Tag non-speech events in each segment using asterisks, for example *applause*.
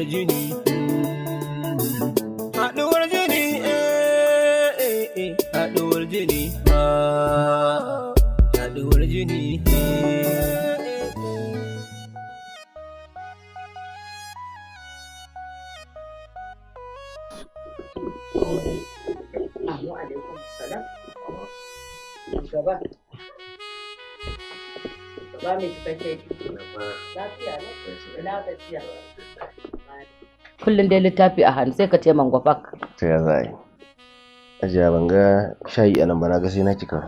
haɗuwar jini. Haɗuwar jini, eh, eh, eh. haɗuwar jini, ah, haɗuwar jini. Gaba. Gaba mai Lafiya ne? kullum dai littafi a hannu sai ka ce mangwafak to ya za a yi ajiya ban ga shayi a nan ba na ga sai na kika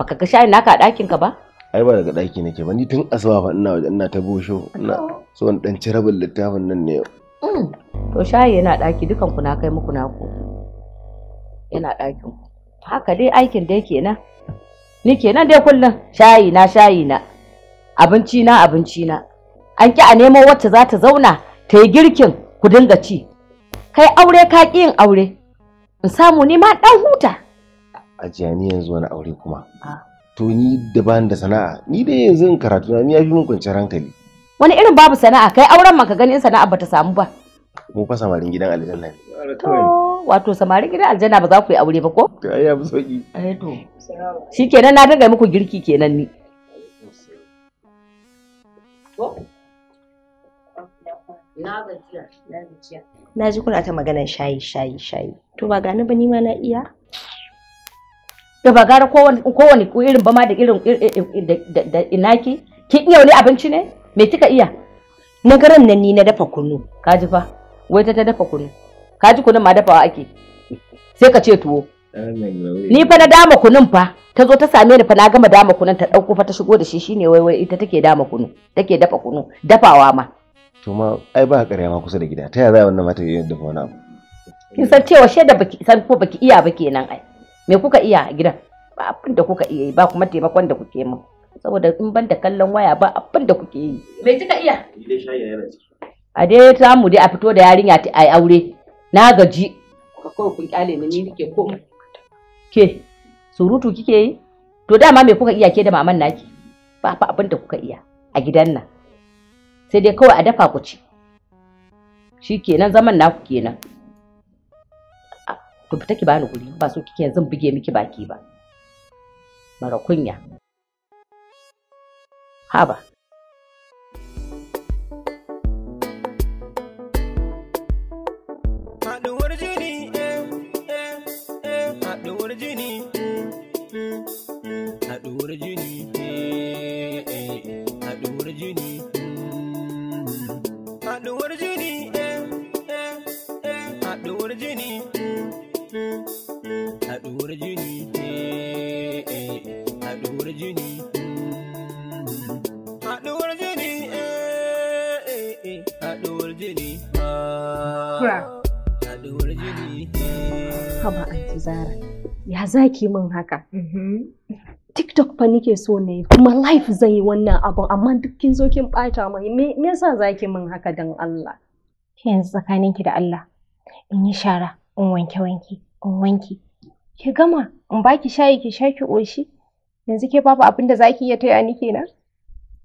baka ga shayi naka a ɗakin ka ba ai ba daga ɗaki nake ba ni tun asuba fa ina waje ina ta bosho ina oh. so in dan ci rabin littafin nan ne mm. to shayi yana ɗaki dukan ku na kai muku naku yana ɗakin ku haka dai aikin dai kenan ni kenan dai kullum shayi na shayi na abinci na abinci na an ki a nemo wacce za ta zauna ta yi girkin ku dinga ci kai aure ka ƙi yin aure in samu ni ma ɗan huta a ni yanzu wani aure kuma to ni da bani da sana'a ni dai yanzu in karatu na ni ya fi mun kwanciyar hankali wani irin babu sana'a kai auren ka ganin sana'a bata samu ba mu fa samarin gidan aljanna ne wato samarin gidan aljanna ba za ku yi aure ba ko to ai ya fi sauki ai eh to shikenan na dinga muku girki kenan ni Na gajiya. Na gajiya. Na ji kuna ta maganar shayi shayi shayi. To ba gani ba ni ma na iya. Da ba gara kowane irin ba ma da irin da inaki. Kin iya wani abinci ne? Me kika iya? Na garan nan ni na dafa kunu. Ka ji fa? Wai ta ta dafa kunu. Ka ji kunun ma dafawa ake. Sai ka ce tuwo. Ni fa na dama kunun fa. ta zo ta same ni fa na gama dama kunun ta dauko fa ta shigo da shi shine wai wai ita take dama kunu take dafa kunu dafawa ma to ma ai ba ƙarya ma kusa da gida ta yaya za wannan mata yin dafa wani abu kin san cewa shaida baki san ko baki iya ba kenan ai me kuka iya a gidan ba abin da kuka iya yi ba kuma taimakon da kuke min saboda in ban da kallon waya ba abin da kuke yi me kika iya a dai ta mu dai a fito da yarinya ta ai aure na gaji ko kun kyale ni ni nake ko ke surutu kike yi to dama me kuka iya ke da maman naki ba fa abin da kuka iya a gidan nan sai dai kawai a dafa ku ci shi kenan zaman naku kenan to fita ki bani guri ba so kike zan buge miki baki ba mara kunya haba za ki min haka mm-hmm. tiktok fa nike so ne kuma life zan yi wannan abun amma duk kin zo kin bata mai me yasa za ki min haka dan Allah yanzu tsakaninki da Allah in yi shara in wanke wanke in wanke ki gama in baki shayi ki sha ki oshi yanzu ke babu abin da zaki iya taya ni kenan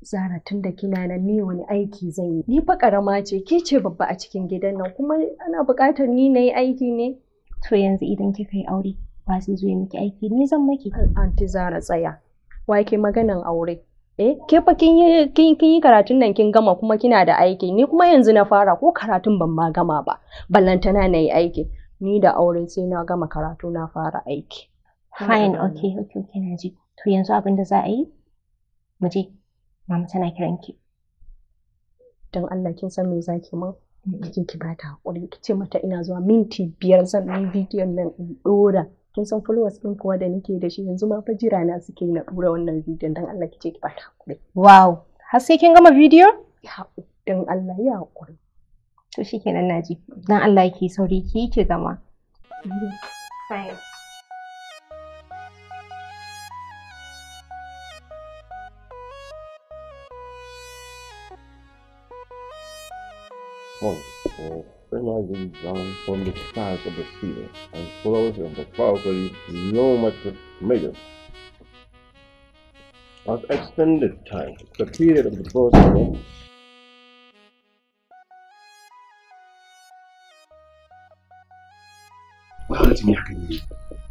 Zara tun da kina nan ni wani aiki zan yi ni fa karama ce ke ce babba a cikin gidan nan kuma ana buƙatar ni nayi aiki ne to yanzu idan kika yi aure ba sai zo miki aiki ni zan maki anti zara tsaya Wa ke maganan aure eh ke fa kin yi kin yi karatun nan kin gama kuma kina da aiki ni kuma yanzu na fara ko karatun ban ma gama ba ballantana na yi aiki ni da aure sai na gama karatu na fara aiki fine okay okay na ji to yanzu abin da za a yi mu je mama tana kiran ki dan Allah kin san me zaki ma ki mm. ki bata hakuri kice mata ina zuwa minti biyar zan yi bidiyon nan in dora kin san followers ɗin kuwa da nake da shi yanzu ma fa jira na suke na ɗora wannan bidiyon dan Allah kice ki bata hakuri wow har sai kin gama bidiyo ya dan Allah ya hakuri to shikenan naji dan Allah ki sauri ki ki gama Oh, oh. recognizing John from the size of the cedar and flows in the properly geometric measure. At extended time, the period of the birth of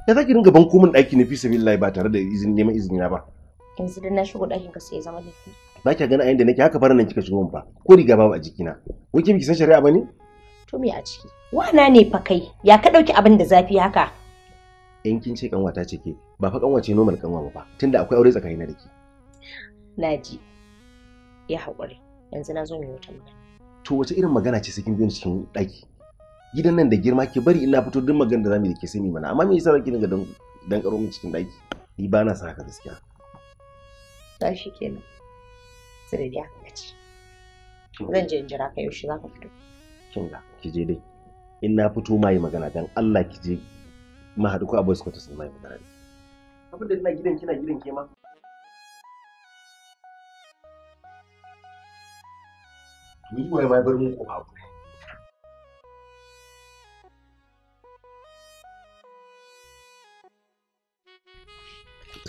Ya zaki ki dinga ban komin ɗaki na fi sabilillahi ba tare da izini neman izini na ba. Yanzu da na shigo ɗakin ka sai ya zama laifi. Ba kya gana a yanda nake haka fara nan kika shigo mun fa. Ko riga babu a jikina. Wai ki san shari'a ba ne? to me a ciki wana ne fa kai ya ka ɗauki abin da zafi haka in kin ce kanwa ta ke, ba fa kanwa ce normal kanwa ba tunda akwai aure tsakanin da ke naji ya haƙuri yanzu na zo mu wata magana to wace irin magana ce cikin biyan cikin ɗaki gidan nan da girma ke bari ina fito duk magana da zamu yi da ke sani mana amma me yasa ranki daga dan dan karo min cikin ɗaki ni ba na sa haka gaskiya ta shi kenan sai da ya kace zan je in jira ka yaushe za ka fito kin ga ki je dai in na fito ma yi magana dan Allah ki je ma haɗu ko a boys quarters ma yi magana abin da ina gidan kina gidan ke ma ni wai ma bar mun kofa ku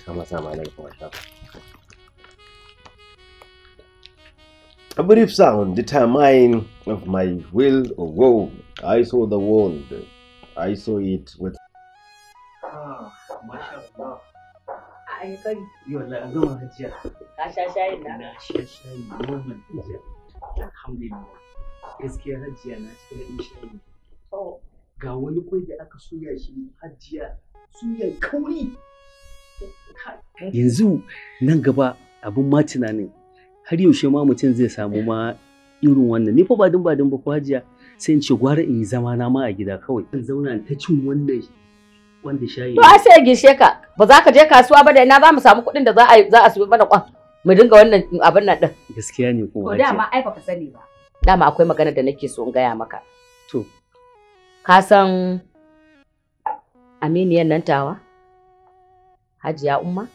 kama sa ma na kofa A brief sound determine of my will or woe. I saw the world. I saw it with. oh, Gaskiya hajiya na wani kwai da aka suya shi hajiya suya kauri. Yanzu nan gaba abin ma tunanin har yaushe ma mutum zai samu ma irin wannan ni fa ba dun ba dun ba ko hajiya sai in ce gwara in yi zama na ma a gida kawai zan zauna ta cin wannan wanda shayi to a sai gishe ka ba za ka je kasuwa ba da ina za mu samu kuɗin da za a za a mana kwan mu dinga wannan abin nan din gaskiya ne kuma to dama ai baka sani ba dama akwai magana da nake so in gaya maka to ka san aminiyan nan tawa hajiya umma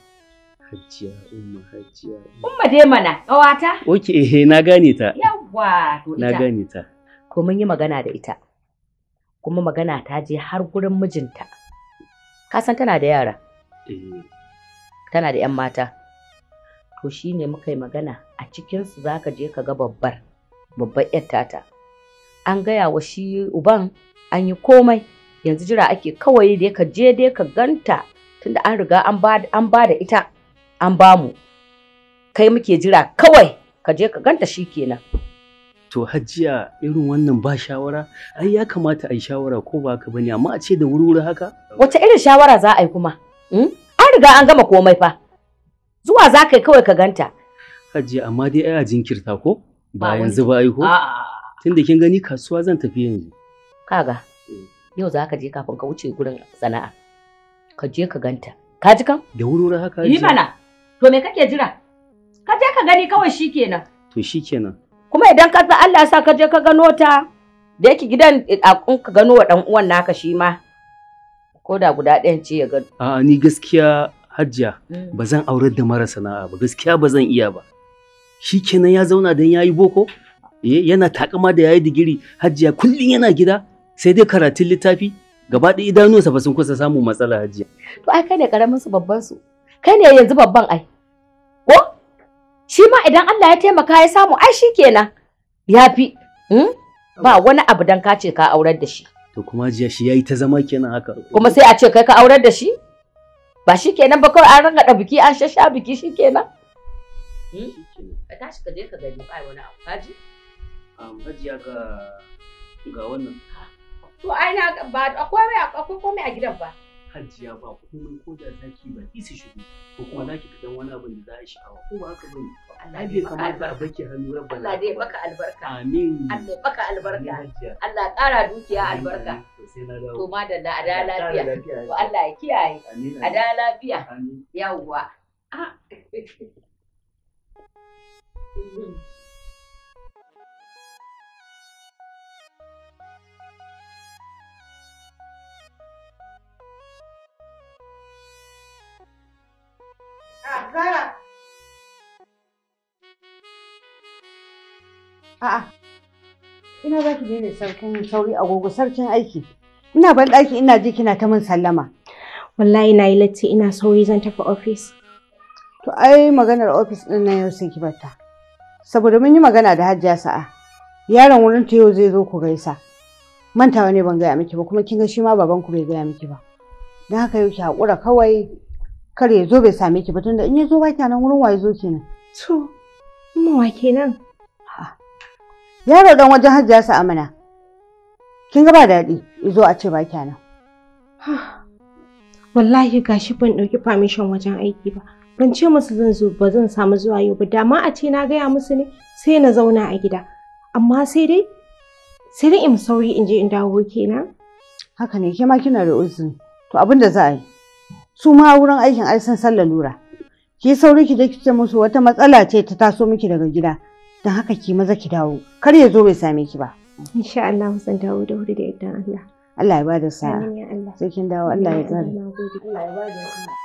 hajiya umma hajiya umma dai mana kawata oke eh, na gane ta yawa na gane ta ko mun yi magana da ita kuma magana ta je har gurin mijinta ka san tana da yara eh. tana da yan mata to shine muka yi magana a cikin su zaka je ka ga babbar babbar yar tata an gaya wa shi uban an yi komai yanzu jira ake kawai da ka je dai ka ganta tunda an riga an ba da ita an ba mu. kai muke jira kawai ka je ka ganta shi kenan. To hajiya irin wannan ba shawara ai ya kamata a yi shawara ko ba ka bane amma a ce da wuri-wuri haka? Wace irin shawara za a yi kuma? Hmm? An riga an gama komai fa. Zuwa za ka yi kawai ka ganta. Hajiya amma dai ai a jinkirta ko? Ba yanzu ba ai ko? Tunda kin gani kasuwa zan tafi yanzu. Kaga yau za ka je kafin ka wuce gurin sana'a. Ka je ka ganta. Ka ji kan? Da wuri-wuri haka. Yi mana. To me kake jira? Ka je ka gani kawai shikenan. To shikenan. Kuma idan ka san Allah sa ka je ka gano ta da yake gidan a ka gano wa dan uwan naka shi ma. Ko da guda ɗayan ce ya gano. A'a ni gaskiya Hajiya mm. ba zan aurar da mara sana'a ba gaskiya ba zan iya ba. Shikenan ya zauna dan yayi boko? Eh, yana takama da yayi digiri Hajiya kullum yana gida sai dai karatun littafi gaba ɗaya idanuwansa ba sun kusa samun matsala Hajiya. To ai kai ne karamin su babban su. Kai ne yanzu babban ai. ko shi ma idan Allah ya taimaka ya samu ai shi kenan ya fi hmm? ba wani abu dan ka ce ka aurar da shi to kuma jiya shi yayi ta zama kenan haka kuma sai a ce kai ka aurar da shi ba shi kenan ba kawai an da biki an shasha biki shi kenan hmm? ka tashi ka je ka gani ba wani abu kaji hajiya ga ga wannan to ai na ba akwai akwai komai a gidan ba hajiya ba komai ko da zaki ba isi shigo ko kuma zaki fitan wani abin da za a sha'awa ko ba haka bane Allah bai kamata albarka baki hannu rabba Allah ya baka albarka amin Allah ya baka albarka Allah kara dukiya albarka to madalla a da lafiya to Allah ya kiyaye a da lafiya yawwa ah. *laughs* A'a. Ina za ki sarkin sauri agogo sarkin aiki. Ina ban ɗaki ina ji kina ta min sallama. Wallahi na yi latti ina sauri zan tafi ofis. To ai maganar ofis ɗin nan yau sai ki batta. Saboda mun yi magana da Hajiya Sa'a. Yaron wurin yau zai zo ku gaisa. Mantawa ne ban gaya miki ba kuma kin ga shi ma baban bai gaya miki ba. Don haka yau ki haƙura kawai kar ya zo bai same ki ba tunda in ya zo baki wurin waye zo kenan to mu wa kenan yaro dan wajen hajjiya sa amana kin ga ba daɗi ya zo a ce baki nan wallahi gashi ban ɗauki permission wajen aiki ba ban ce musu zan zo ba zan samu zuwa yau ba dama a ce na gaya musu ne sai na zauna a gida amma sai dai sai dai in sauri in je in dawo kenan haka ne ke ma kina da uzuri to abinda za a yi su ma wurin aikin ai sun san lalura ki sauri ki je ki ce musu wata matsala ce ta taso miki daga gida don haka ki maza ki dawo kar ya zo bai same ki ba insha Allah san dawo da wuri da idan Allah Allah ya bada sa'a sai kin dawo Allah ya tsare Allah ya bada sa'a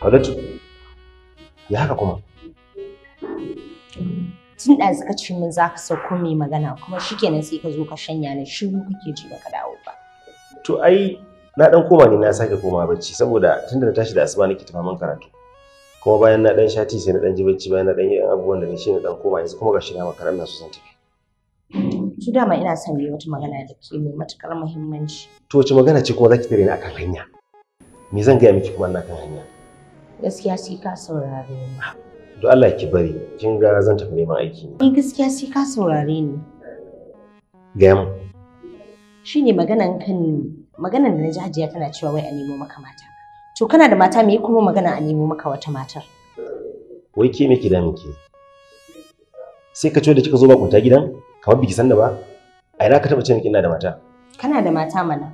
Kaulatu, ya haka kuma? Tun da zaka ce min za ka sauko mai magana kuma shi kenan sai ka zo ka shanya ni shiru kake ji baka dawo ba. To ai na ɗan koma ne na sake koma bacci saboda tunda na tashi da asuba nake tafaman karatu. Kuma bayan na ɗan shati sai na ɗan ji bacci bayan na ɗan yi abubuwan da ne shi na dan koma yanzu kuma ga shi na makarar na su tafi. Su dama ina son yi wata magana da ke mai matuƙar muhimmanci. To wace magana ce kuma za ki tare ni akan hanya? Me zan gaya miki kuma na kan hanya? gaskiya sai ka saurare ni Do Allah ki bari kin ga zan tafi neman aiki ni gaskiya sai ka saurare ni gaya mu shine maganan kan maganan da naji Hajiya tana cewa wai a nemo maka mata to kana da mata me kuma magana a nemo maka wata matar wai ke me ki da miki sai ka ciwo da kika zo ba kunta gidan kamar biki san da ba a ina ka taba ce miki ina da mata kana da mata mana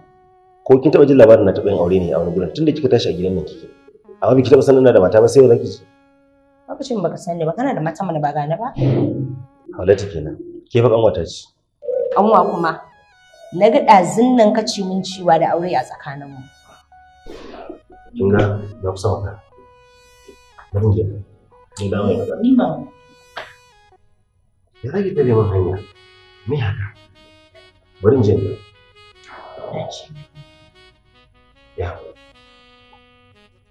ko kin taba jin labarin na taɓa yin aure ne a wani gurin tunda kika tashi a gidan nan kike amma biki taɓa sanin da mata ba sai yau zaki ji lokacin baka sani ba kana da mata mana ba gane ba Hawlatu kenan ke fa kanwata ce kanwa kuma na ga ɗazin nan kace min ciwa da aure a tsakaninmu kin ga na kusa maka? bari ne ni ba mai ni ba ya rage tare min hanya me haka bari in je ya Yeah.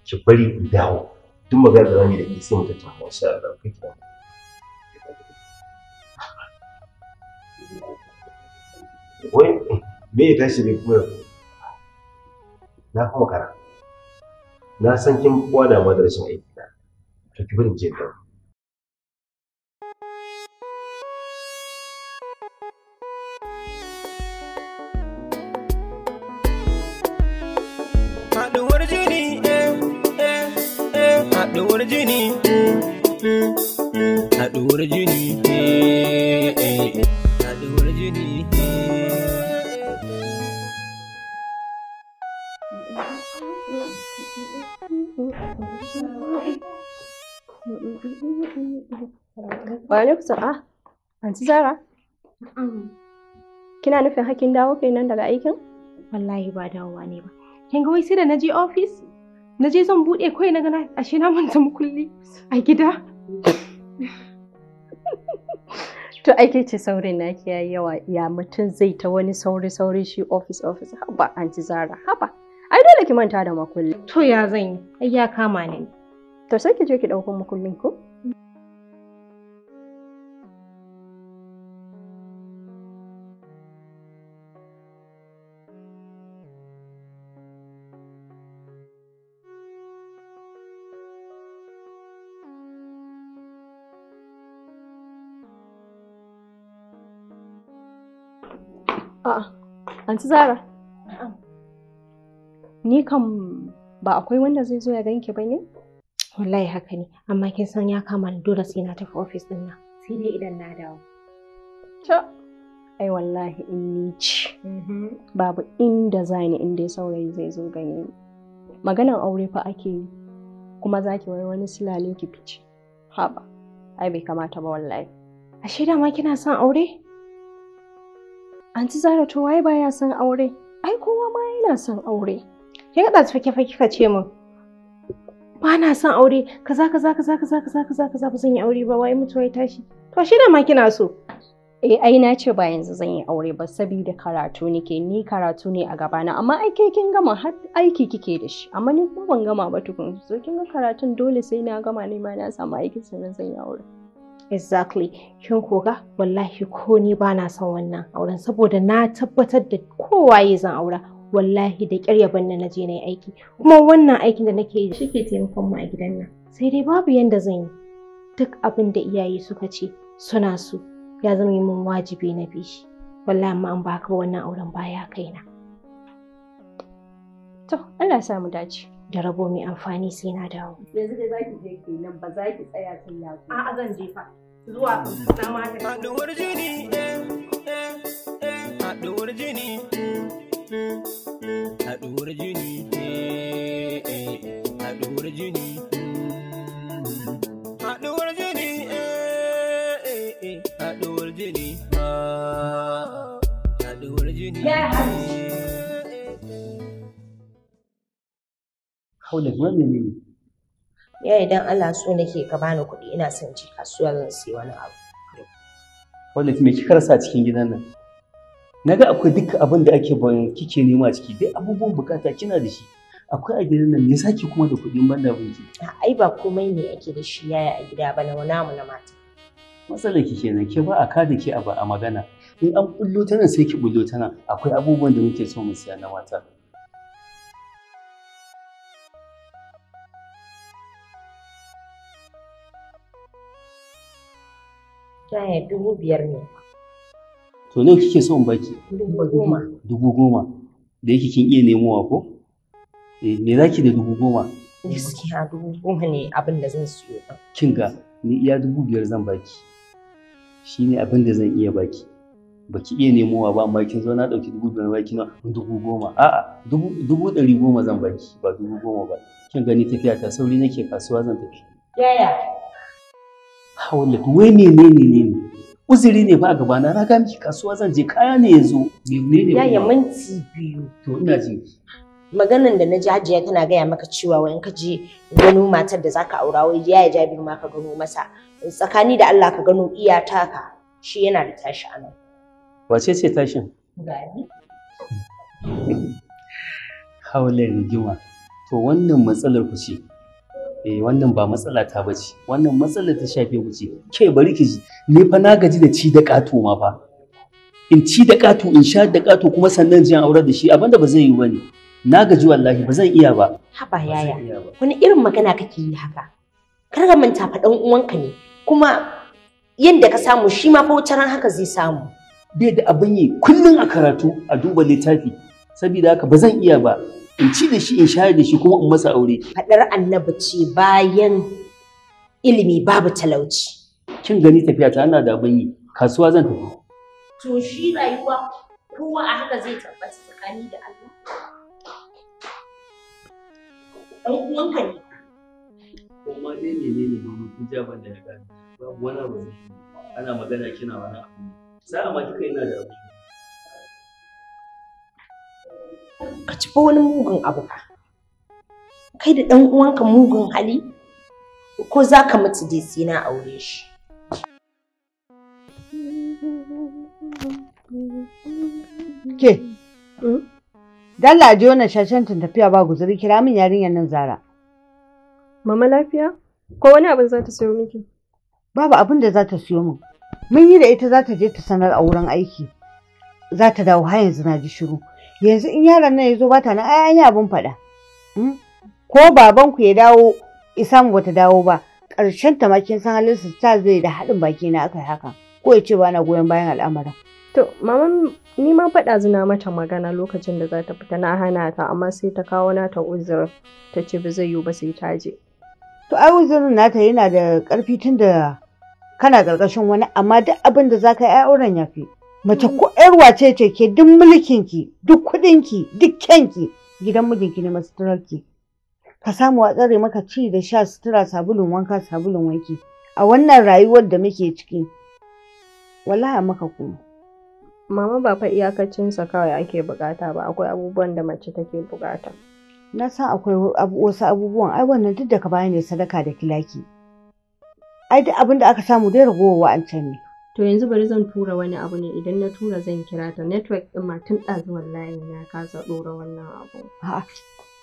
ki bari in dawo duk magana da zamu da ke sai mu tattauna sha Allah kai ki wai me ya tashi ne kuma na kuma kara na san kin kwana ma da rashin aiki na ki bari in je dawo haɗuwar jini haɗuwar jini Wa alaikum a ah, Anti Zara? Mm. Kina nufin hakin dawo kenan daga aikin? Wallahi ba dawowa ne ba. Kin ga wai sai da na je ofis? Na je zan buɗe kawai na gana ashe na manta mukulli a gida. to ai ce saurin naki yayi yawa ya mutum zai ta wani sauri sauri shi office office haba anti zara haba ai dole ki manta da makullin. to ya zan yi ai ya kama ni to sai ki je ki dauko makullin ku. A'a, Anti Zara. Ni kam ba akwai wanda zai zo ya ganki ba ne? Wallahi haka ne, amma kin san ya kama ni dole sai na tafi ofis din nan. Sai ne idan na dawo. Ta. Ai wallahi in ni ci. Mhm. Babu inda zani inda ya saurayi zai zo gani. Maganan aure fa ake yi. Kuma zaki wai wani silale ki fice. Haba. Ai bai kamata ba wallahi. Ashe dama kina son aure? Anti Zara to waye baya son aure? Ai kowa ma yana son aure. Ke ga ɗazu fake fake ka ce min. Ba na son aure, kaza kaza kaza kaza kaza kaza kaza ba zan yi aure ba, wai mutuwa ya tashi. To shi da ma kina so. Eh ai na ce ba yanzu zan yi aure ba saboda karatu nake ni karatu ne a gabana amma ai ke kin gama har aiki kike da shi amma ni ko ban gama ba tukun so kin ga karatun dole sai na gama ne ma na samu aikin sannan zan yi aure. Exactly. Kin koga wallahi ko ni ba na son wannan auren saboda na tabbatar da kowa ya zan aura wallahi da ƙyar yaban na je na yi aiki kuma wannan aikin da nake yi shike taimakon mu a gidan nan sai dai babu yanda zan yi duk abin da iyaye suka ce suna su ya zama yi min wajibi na bi shi wallahi amma an ba wannan auren baya kaina to Allah ya samu dace da rabo mai amfani sai na dawo. Yanzu da za ki je ke nan ba za ki tsaya sun ya zo. A'a zan je fa zuwa mm. na mata. Haɗuwar jini, haɗuwar jini, haɗuwar jini, haɗuwar jini. Haɗuwar jini, haɗuwar jini, haɗuwar jini. ma wai ne. ya idan Allah so nake ka bani kuɗi ina son ji kasuwa zan sayi wani abu college me kika rasa cikin gidan nan naga akwai duk abin da ake bayan kike nema ciki dai abubuwan bukata kina da shi akwai a gidan nan me yasa ki kuma da kuɗin banda abinki ai ba komai ne ake da shi yaya a gida ba na namu na mata matsalar ki kenan ke ba a ka da ke a magana in an bullo ta nan sai ki bullo ta nan akwai abubuwan da muke so mu siya na mata dubu biyar ne to nawa kike so in baki dubu goma dubu goma da yake kin iya wa ko eh me zaki da dubu goma gaskiya dubu goma ne abin da zan siyo kin ga ni iya dubu biyar zan baki shine abin da zan iya baki baki iya wa ba amma kin zo na dauki dubu biyar ba na dubu goma a'a dubu dubu ɗari goma zan baki ba dubu goma ba kin gani tafiya ta sauri nake kasuwa zan tafi yaya Haulat, wai menene ne ne? Uziri ne ba a gabana, na ga miki kasuwa zan je kaya ne ya zo. Menene ne? Yaya minti biyu. To ina ji. Maganan da na ji Hajiya tana gaya maka cewa wa in ka je gano matar da zaka aura wai yaya Jabiru ma ka gano masa. Tsakani da Allah ka gano iya taka shi yana da tashi anan. Wace ce tashin? Gani. Haulat rigima. To wannan matsalar ku ce. eh wannan ba matsala ta bace wannan matsala ta shafe ku ce ke bari ki ji ne fa na gaji da ci da ƙato ma fa in ci da ƙato in sha da ƙato kuma sannan jin aurar da shi abinda ba zai yi bane na gaji wallahi ba zan iya ba haba yaya wani irin magana kake yi haka kar ka manta fa dan uwanka ne kuma yanda ka samu shi ma fa haka zai samu bai da abin yi kullun a karatu a duba littafi saboda haka ba zan iya ba in ci da shi in shayar da shi kuma in masa aure fadar annabi ce bayan ilimi babu talauci kin gani tafiya ta ana da abin yi kasuwa zan tafi to shi rayuwa kowa a haka zai tabbata tsakani da Allah dan uwanka ne kuma ne ne ne ne mun ji abin da ya gani babu wani abu ana magana kina wani abu sa'a ma kika yana da abu ka ci fa wani mugun abu ka kai da ɗan uwanka mugun hali ko za ka mutu dai sai na aure shi ke dan ji wannan tun tafiya ba guzuri kira min yarinyar nan zara mama lafiya ko wani abin za ta siyo miki babu abin da za ta siyo min mun yi da ita za ta je ta sanar a wurin aiki za ta dawo har yanzu na ji shiru yanzu in yaron nan ya zo ba ta ai an yi abin faɗa hmm? ko ku ya dawo isamu bata dawo ba ƙarshen ta ma kin san halin su ta zai da haɗin baki na akai haka, ko ya ce ba na goyon bayan al'amarin to mama ni ma faɗa zina mata magana lokacin da za ta fita na hana ta amma sai ta kawo nata uzur ta ce ba zai yiwu ba sai ta je to ai uzurin nata yana da ƙarfi tun da kana ƙarƙashin wani amma duk abin da za ka yi auren ya fi mace ko yar wace ce ke duk mulkin ki duk kudin ki duk kyanki gidan mijinki ne masu ki ka samu a tsare maka ci da sha sutura sabulun wanka sabulun wanki a wannan rayuwar da muke ciki wallahi maka ko. mama ba fa iyakacinsa kawai ake bukata ba akwai abubuwan da mace take bukata na san akwai wasu abubuwan ai wannan duk da ka bani ne sadaka da kilaki ai duk abin da aka samu dai ragowa wa'ancan ne To yanzu bari zan tura wani abu ne idan na tura zan kira ta network ɗin ma tun ɗazu wallahi na kasa ɗora wannan abu.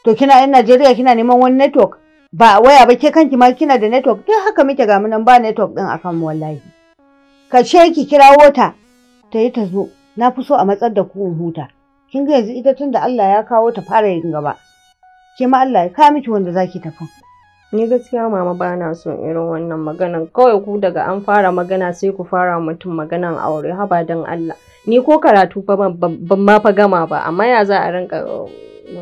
To kina yan Najeriya kina neman wani network ba waya ba ke kanki ma kina da network duk haka muke ga nan ba network ɗin akan mu, wallahi. Ka ce ki kirawo ta ta yi ta zo na fi so a matsar da ku huta. Kin ga yanzu ita tun da Allah ya kawo ta fara yin gaba. Ke ma Allah ya kawo miki wanda zaki tafi. ni gaskiya mama ba na son irin wannan maganan kawai ku daga an fara magana sai ku fara mutum maganan aure haba don Allah ni ko karatu fa ban ma fa gama ba amma ya za a rinka oh,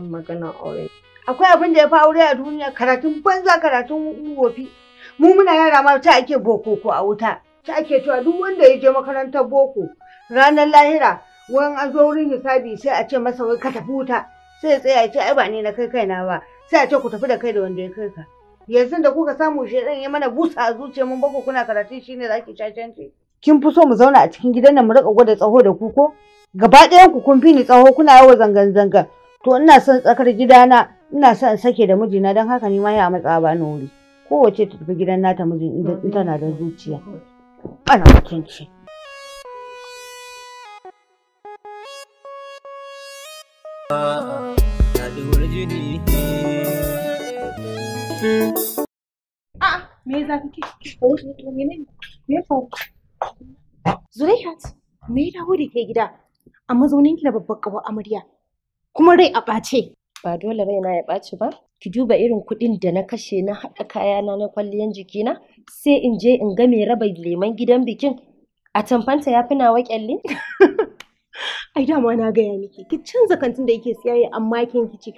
magana aure akwai abin da ya fa aure a duniya karatun banza karatun wofi mu muna yara ma ta ake boko ko a wuta ta ake cewa duk wanda ya je makarantar boko ranar lahira wurin an zo wurin hisabi sai a ce masa wai ka tafi wuta sai ya tsaya ya ce ai ba ni na kai kaina ba sai a ce ku tafi da kai da wanda ya kai ka yanzu da kuka samu ɗan ya mana busa a zuciya mun bako kuna karatu shine zaki cacanci kin fi so mu zauna a cikin gidan nan mu rika gwada tsaho da ku ko gaba ɗayan ku kun fi ni tsaho kuna yawa zangan zangan to ina son tsakar gidana ina son sake da mijina don haka ni ma ya matsa ba ni wuri kowace ta tafi gidan nata mijin in tana da zuciya ana mutunci ah, ah A'a, me za ki ke? Zulaihat, me da dawo ke gida? A mazaunin ki da babbar kawa amarya. Kuma rai a ɓace. Ba dole raina ya ɓaci ba. Ki duba irin kuɗin da na kashe na haɗa kayana na kwalliyan jikina, sai in je in ga mai raba leman gidan bikin. A tamfanta ya fi nawa ƙyalli. *laughs* Ai dama na gaya miki, ki canza kantin da yake siyayya amma kin kici.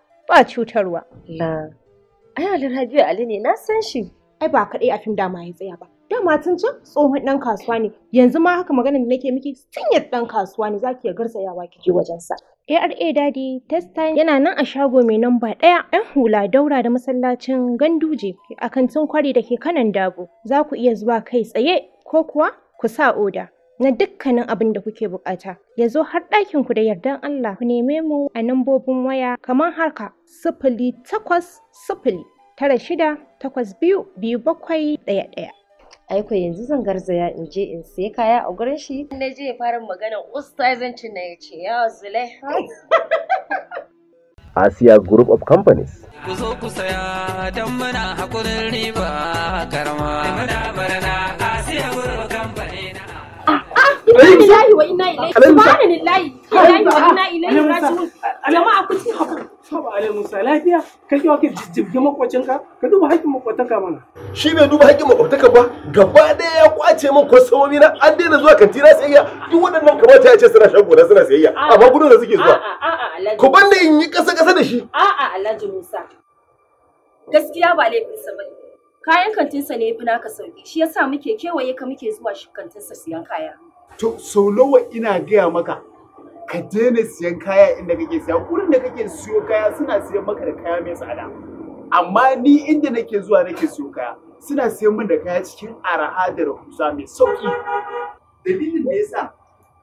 ba cutarwa. na. Eh. ai Alhaji Ali ne na san shi. Ai ba kaɗai a fim dama ya tsaya ba. Dama tun can tsohon ɗan kasuwa ne. Yanzu ma haka magana da nake miki sanya ɗan kasuwa ne zaki ya garzayawa kike wajen sa. ARA Daddy test time yana nan a shago mai namba ɗaya ‘yan hula daura da masallacin ganduje a kantin kwari da ke kanan dabo. Za ku iya zuwa kai tsaye ko kuwa ku sa oda. na dukkanin abin da kuke bukata. Ya zo har ɗakin ku da yardan Allah ku neme mu a nambobin waya kamar haka sifili takwas sifili tara shida takwas biyu biyu bakwai ɗaya ɗaya. aiko yanzu zan garzaya in je in sai kaya a gurin shi. Na je fara magana Ustazanci na ya ce ya zule. *laughs* Asia Group of Companies. Ku zo ku saya don muna riba karama. Muna barana Asia Group lillahi wa inna ilaihi subhana lillahi lillahi wa inna ilaihi raji'un jama'a ku ci hakuri saba alai musa lafiya ka kiwa ka jijjibge makwacinka ka duba haƙƙin makwataka mana shi bai duba haƙƙin makwataka ba gaba ɗaya ya kwace min kwasomomi na an daina zuwa kantina sayayya duk waɗannan kamata ya ce suna shan gona suna sayayya amma gudun da suke zuwa ku balle in yi ƙasa ƙasa da shi a'a alhaji musa gaskiya ba laifinsa ba kayan kantinsa ne ya fi naka sauki shi yasa muke kewaye ka muke zuwa kantinsa siyan kaya to sau nawa ina gaya maka ka daina siyan kaya inda kake siya wurin da kake siyo kaya suna siyan maka da kaya mai tsada amma ni inda nake zuwa nake siyo kaya suna siyan min da kaya cikin araha da rahusa mai sauki dalilin da yasa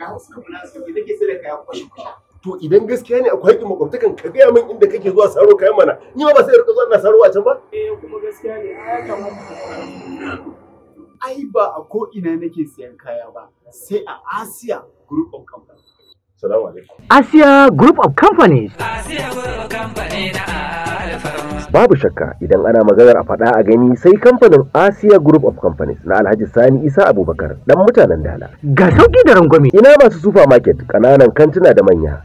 ka hausa na sauki nake sayar da kaya kwashi to idan gaskiya ne akwai haƙƙin makwabtakan ka gaya min inda kake zuwa saro kayan mana ni ma ba sai rika zuwa ina saro a can ba eh kuma gaskiya ne ya kamata ai ba a ko ina nake siyan kaya ba sai a Asia Group of Companies. Salamu alaikum. Asia Group of Companies. Asia Group of Companies na Babu shakka idan ana maganar a faɗa a gani sai kamfanin Asia Group of Companies na Alhaji Sani Isa Abubakar dan mutanen Dala. Ga sauki da rangwame. Ina masu market kananan kantuna da manya.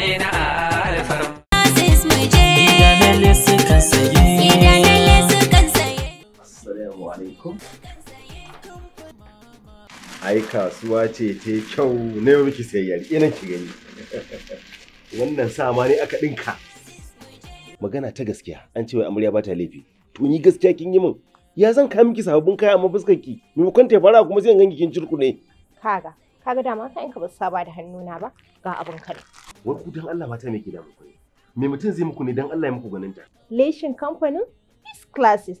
ne na Ai kasuwa ce ta kyau ne miki sayayyar ina ki gani. *laughs* Wannan sama ne aka ɗinka. Magana ta gaskiya an ce wai amarya ba ta laifi. To ni gaskiya kin yi min. Ya zan kawo miki sababbin kaya amma fuskar ki. Maimakon kwanta fara kuma sai an ganki kin ne. Kaga kaga dama ka yanka ba su saba da hannuna ba ga abin ka ne wai ku dan Allah mata me ke da muku ne me mutum zai muku ne dan Allah ya muku ganin ta leshin kamfanin class classes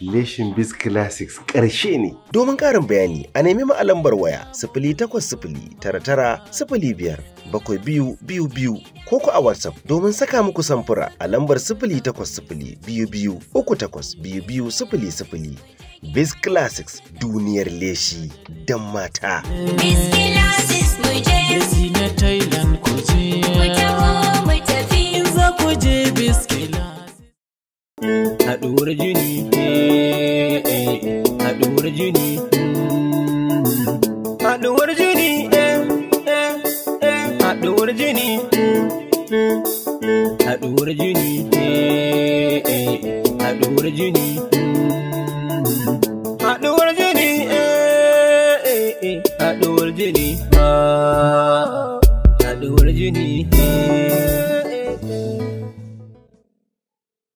Leshin Biz Classics ƙarshe ne. Domin ƙarin bayani a nemi ma'alambar waya sifili takwas sifili tara tara sifili biyar bakwai biyu biyu biyu ko ku a WhatsApp domin saka muku samfura a lambar sifili takwas sifili biyu biyu uku takwas biyu biyu sifili sifili. Biz Classics duniyar leshi don mata. Biz Classics mu je. na Thailand ku je. Mu taho mu tafi. In za ku je Biz Classics. Haɗuwar jini. I I I do do do what what what need. need. need. haɗuwar jini haɗuwar jini haɗuwar I do what haɗuwar need.